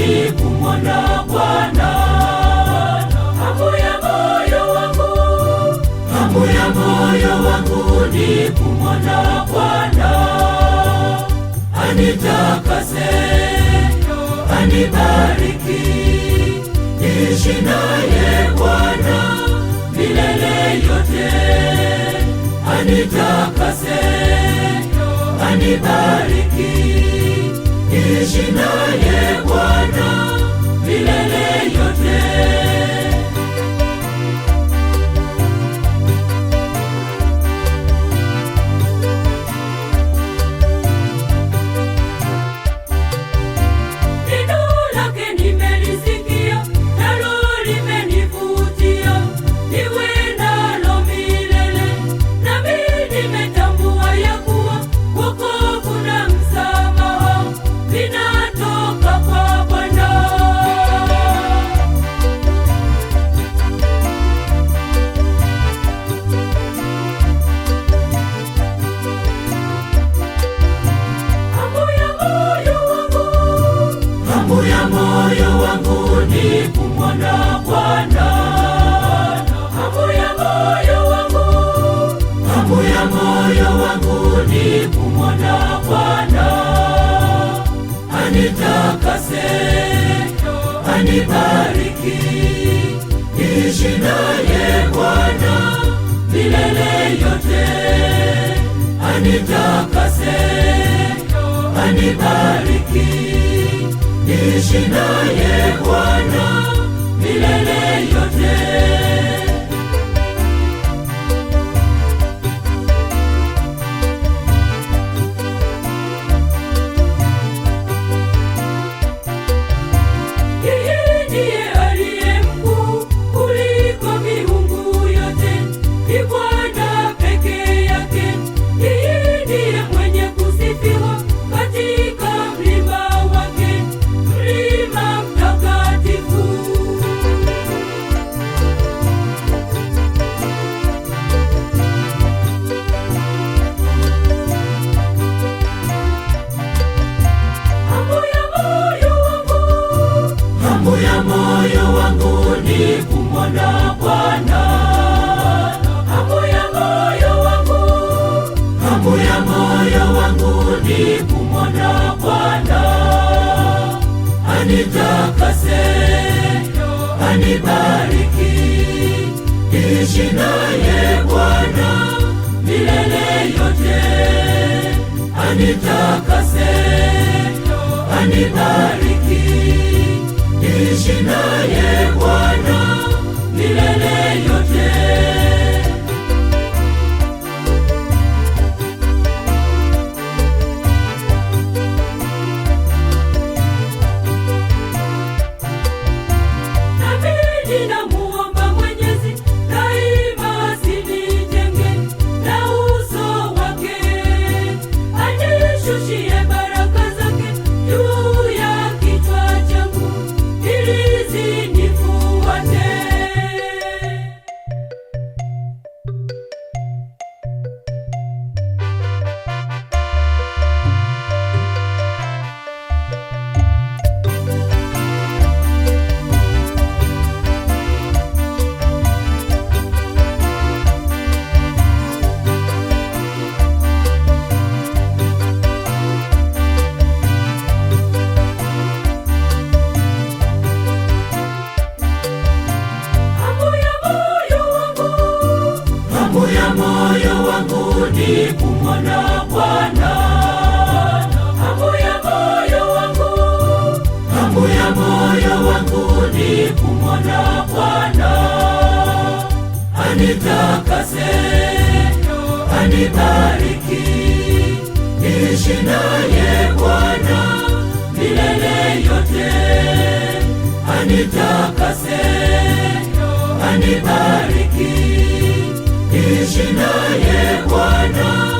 Ili Bwana, hamu ya moyo wangu, hamu ya moyo wangu ni kumwona Bwana, anitakase, anibariki, niishi naye Bwana milele yote, anitakase, anibariki, niishi naye Bwana, Bwana, hamu ya moyo wangu, hamu ya moyo wangu ni kumwona Bwana, anitakase, anibariki, niishi naye Bwana milele yote, anitakase, anibariki, niishi naye Bwana milele yote. Bwana, moyo wangu, hamu Bwana, anitakase, anibariki, niishi naye Bwana milele yote, anitakase, anibariki, niishi naye Bwana milele yote. Nabidi na Mwenyezi daima asinijenge uso wake, anishushie kurudi kumwona Bwana. Hamu ya moyo wangu, hamu ya moyo wangu ni kumwona Bwana. Anitakase, anibariki, niishi naye Bwana milele yote. Anitakase, anibariki naye Bwana.